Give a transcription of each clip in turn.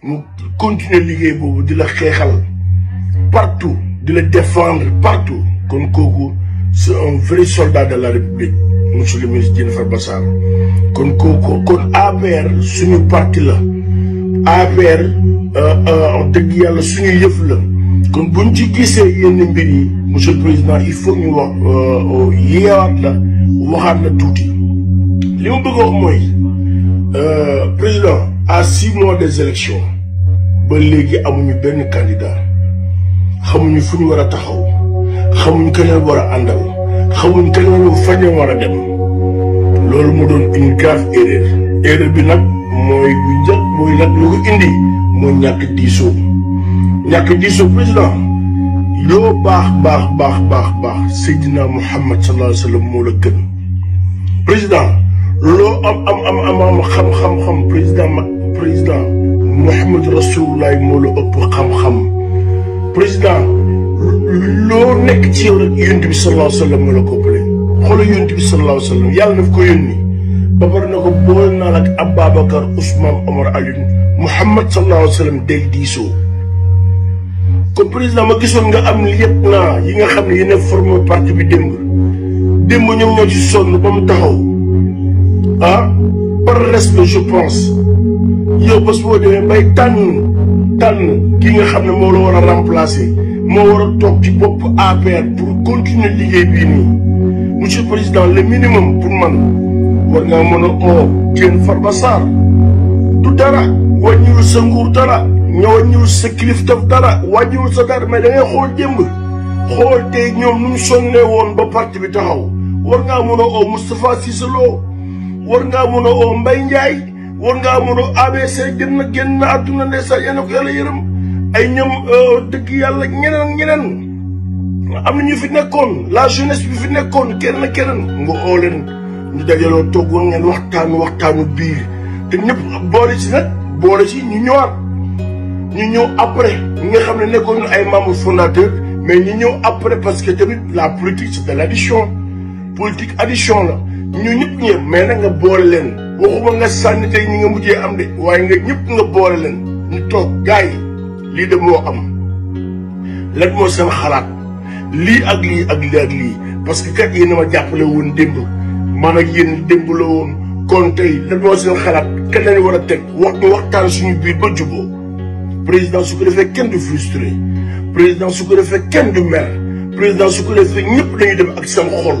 mu continuer liggéey boobu di la xeexal partout de la défendre partout kon kooku c'est un vrai soldat de la république monsieur le ministre Diène Farba Sarr kon kooku kon APR suñu parti la APR euh, euh, wax dëgg yàlla suñu yëf la kon buñ ci gisee yenn mbir monsieur le président il faut ñu wax euh, yeewaat la waxaat la tuuti li ma bëgg a wax mooy Euh, président a six des élections ba léegi amuñu benn candidat xamuñu fu ñu war a taxaw xamuñ keneen war a àndal xamuñ keneen fañ a war a dem loolu mu doon une grave erreur erreur bi nag mooy bu njëkk mooy nag lu ko indi mooy ñàkk diisoo ñàkk diisoo président loo baax baax baax baax baax Seydina Mouhamed sallallahu alayhi wa sallam moo la gën président loo am am am am am xam-xam-xam président ma président Mouhamed Rasulullah moo la ëpp xam-xam président loo nekk ci yow rek yonent bi sallallahu alayhi wa la ko ëppale xoolal yonent bi sallallahu alayhi wa yàlla daf ko yónni ba pare na ko boole naa la ak Ababacar Ousmane Omar Alioune Mouhamed sallallahu alayhi wa sallam day comme président ma gisoon nga am lieutenant yi nga xam ne yéen a formé parti bi démb démb ñoom ci sonn ba mu taxaw. ah par respect je pense yow ya, bés bo demee bay tan tan ki nga xam mo moo la war remplacer mo wara a ci bop APR pour continuer liguey bi ni monsieur le président le minimum pour man war nga mën o ken kenn Farba du dara wàññiwul sa nguur dara nga ñu sa kiliftaf dara wàññiwul sa dar ma da ngay xool démb xool tey ñoom nu mu ba parti bi taxaw war nga mën o mustapha Moustapha war ngaa mun a oo Mbaye Ndiaye war ngaa mun a ABC gën na génn na àdduna ndeysaan yal na ko yàlla yërëm ay ñoom euh, dëkk yàlla ñeneen ñeneen. am na ñu fi nekkoon la jeunesse bi fi nekkoon keneen ak keneen nga oo ñu dajaloo toog woon ngeen waxtaan waxtaanu biir te ñëpp boole ci nag boole ci ñu ñëwaat ñu ñëw après ñi nga xam ne nekkoon ay membres fondateurs mais ñu ñëw après parce que tamit la politique c'est de l'addition politique addition la ñu ñëpp ñëpp mais nag nga boole leen waxuma nga sànni tey ñi nga mujjee am de waaye nga ñëpp nga boole leen ñu toog gars lii dem moo am lan moo seen xalaat lii ak lii ak lii ak lii parce que kat yéen a ma jàppale woon démb man ak yéen démb la woon kon tey lan moo seen xalaat kat lañu war a teg wax ñu waxtaan suñu biir ba juboo président su ko defee kenn du frustré président su ko defee kenn du mer président su ko defee ñëpp dañuy dem ak sam xol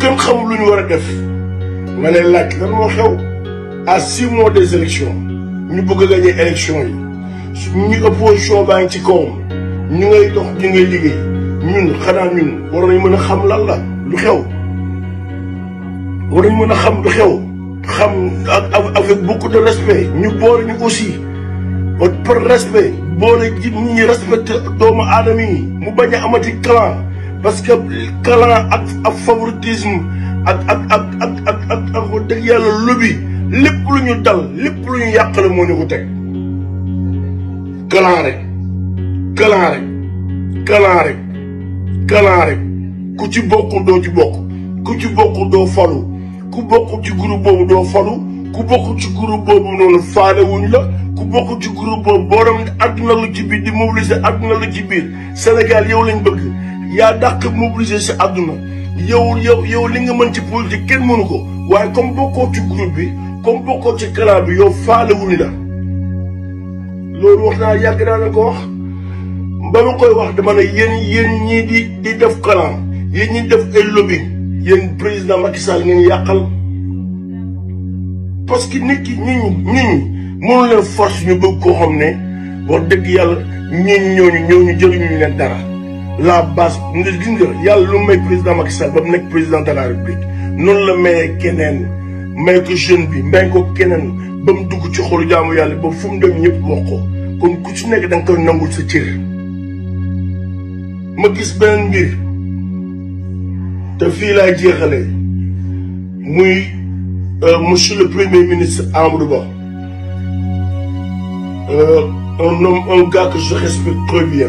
comme à six mois des élections Nous bëgg gagner gagné élection Nous, opposition baa ci nous ngay dox Nous ngay ñun sommes ñun war nañ xam lan la lu xew avec beaucoup de respect ñu boole nous aussi par respect boole ji ñi respecté doomu aadama yi mu bañ clan parce que clan ak ak favoritisme ak ak ak ak ak ak ak wax dëgg yàlla lobby lépp lu ñu dal lépp lu ñu yàqale moo ñu ko teg clan rek clan ku ci bokk doo ci bokk ku ci bokk doo falu ku bokk ci groupe boobu doo falu ku bokk ci groupe boobu noonu faale wuñ la ku bokk ci groupe boobu boo doon lu ci biir di mobiliser àdduna lu ci biir Sénégal yow lañ bëgg yaa dàq mobiliser si àdduna yow yow yow li nga mën ci politique kenn mënu ko waaye comme bokkoo ci groupe bi comme bokkoo ci clan bi yow faale wu ni la loolu wax naa yàgg naa ko wax ba ma koy wax dama ne yéen yéen ñii di di def clan yéen ñi def ay lobby yéen président Macky Sall ngeen yàqal parce que nit ki nit ñi ñi mënu leen force ñu bëgg koo xam ne wax dëgg yàlla ñun ñooñu ñu jëriñu leen dara la base nga gis il y le président Macky Sall président de la république Non la Il y may ko jeune bi may Kenen, keneen du coup tu ci xolu jaamu yàlla Il y a ma euh, monsieur le premier ministre Amadou euh, un homme un gars que je respecte très bien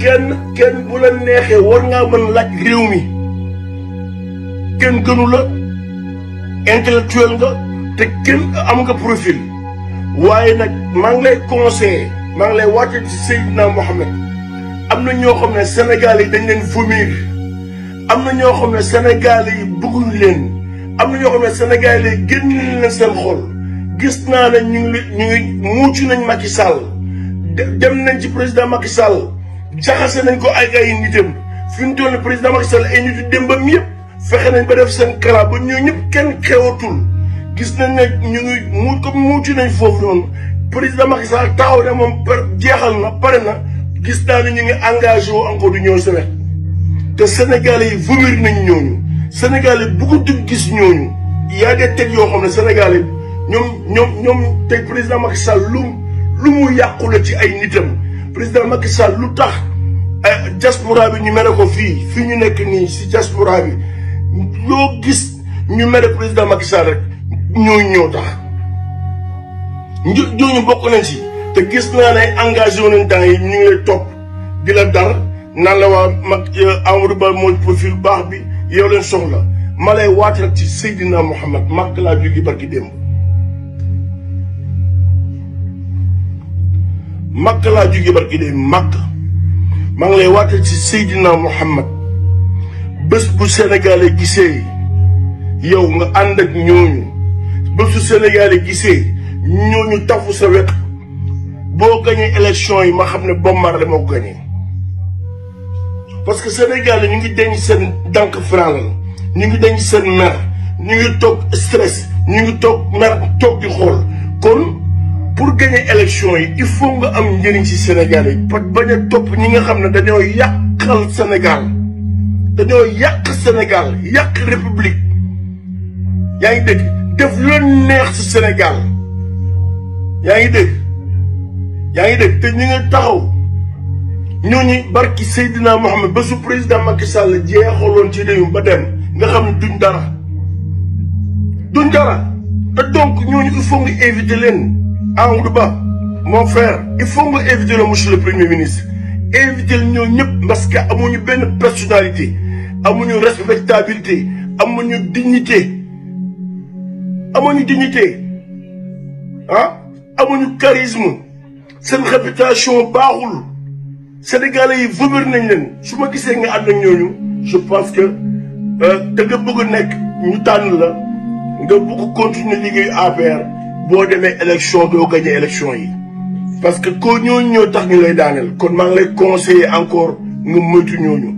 kenn kenn bu la neexee war ngaa mën laaj réew mi kenn gënu la intellectuel nga te kenn am nga profil waaye nag maa ngi lay conseillé maa ngi lay wàcce ci Seydina Mohamed am na ñoo xam ne Sénégal yi dañ leen vomir am na ñoo xam ne senegal yi bëgguñ leen am na ñoo xam ne senegal yi génn leen seen xol gis naa ne ñu ngi muucu nañ Macky Sall dem nañ ci président Macky Sall jaxase nañ ko ak ay nitam fi ñu toll président Macky Sall ay nitu démbam yëpp fexe nañ ba def seen kala ba ñoo ñëpp kenn xewatul gis nañ ne ñu ngi mu ko muuti nañ foofu noonu président Macky Sall taxaw ne moom jeexal na pare na gis naa ne ñu ngi engagé wu encore du ñëw Sénégal te Sénégalais yi vomir nañ ñooñu Sénégalais bu ko dugg gis ñooñu yaa des teg yoo xam ne Sénégalais ñoom ñoom ñoom teg président Macky Sall lu lu mu yàqu la ci ay nitam. président Macky Sall lu tax eh, diaspora bi ñu mere ko fii fii ñu nekk nii si diaspora bi loo gis ñu mere président Macky Sall rek ñooñu ñoo tax ñooñu bokk nañ si te gis naa ne engagé wu nañ yi ñu ngi lay topp di la dar naan la waa mag eh, Amadou Ba mooy lu baax bi yow leen soxla ma lay waat rek ci Seydina Mouhamad màkk laa jóge barki démb màkk laa jóge barki day màkk maa ngi lay waatal ci Seydina Muhammad bés bu Sénégalais gisee yow nga ànd ak ñooñu bés bu Sénégalais gisee ñooñu tafu sa wet boo gañee élection yi ma xam ne Bommar la moo ko gañee parce que Sénégalais ñu ngi denc seen dànk franc ñu ngi denc seen mer ñu ngi toog stress ñu ngi toog mer toog di xool kon pour gagner élection yi il faut nga am njëriñ ci Sénégal yi pat baña a ñi nga xamne ne dañoo yàqal Sénégal dañoo yak Sénégal yak république yaa ngi dégg def lu neex ci Sénégal yaa ngi dégg yaa ngi dégg te ñi nga taxaw ñi barki sayyidina mohammed ba su président Macky Sall jeexaloon ci réew ba dem nga xam duñ dara duñ dara te donc ñooñu il faut nga éviter Amadouba mon frère il faut éviter le monsieur le premier ministre éviter le ñëpp parce que amuñu bonne personnalité amuñu respectabilité amuñu dignité amuñu dignité ah amuñu charisme dignité, réputation baaxul sénégalais yi vomir nañ réputation su nga ñooñu je pense que euh, da nga nek a nekk ñu tànn la nga continuer à faire bon demee élection de gagner élection parce que nous sommes ñoo tax kon conseiller encore nous nous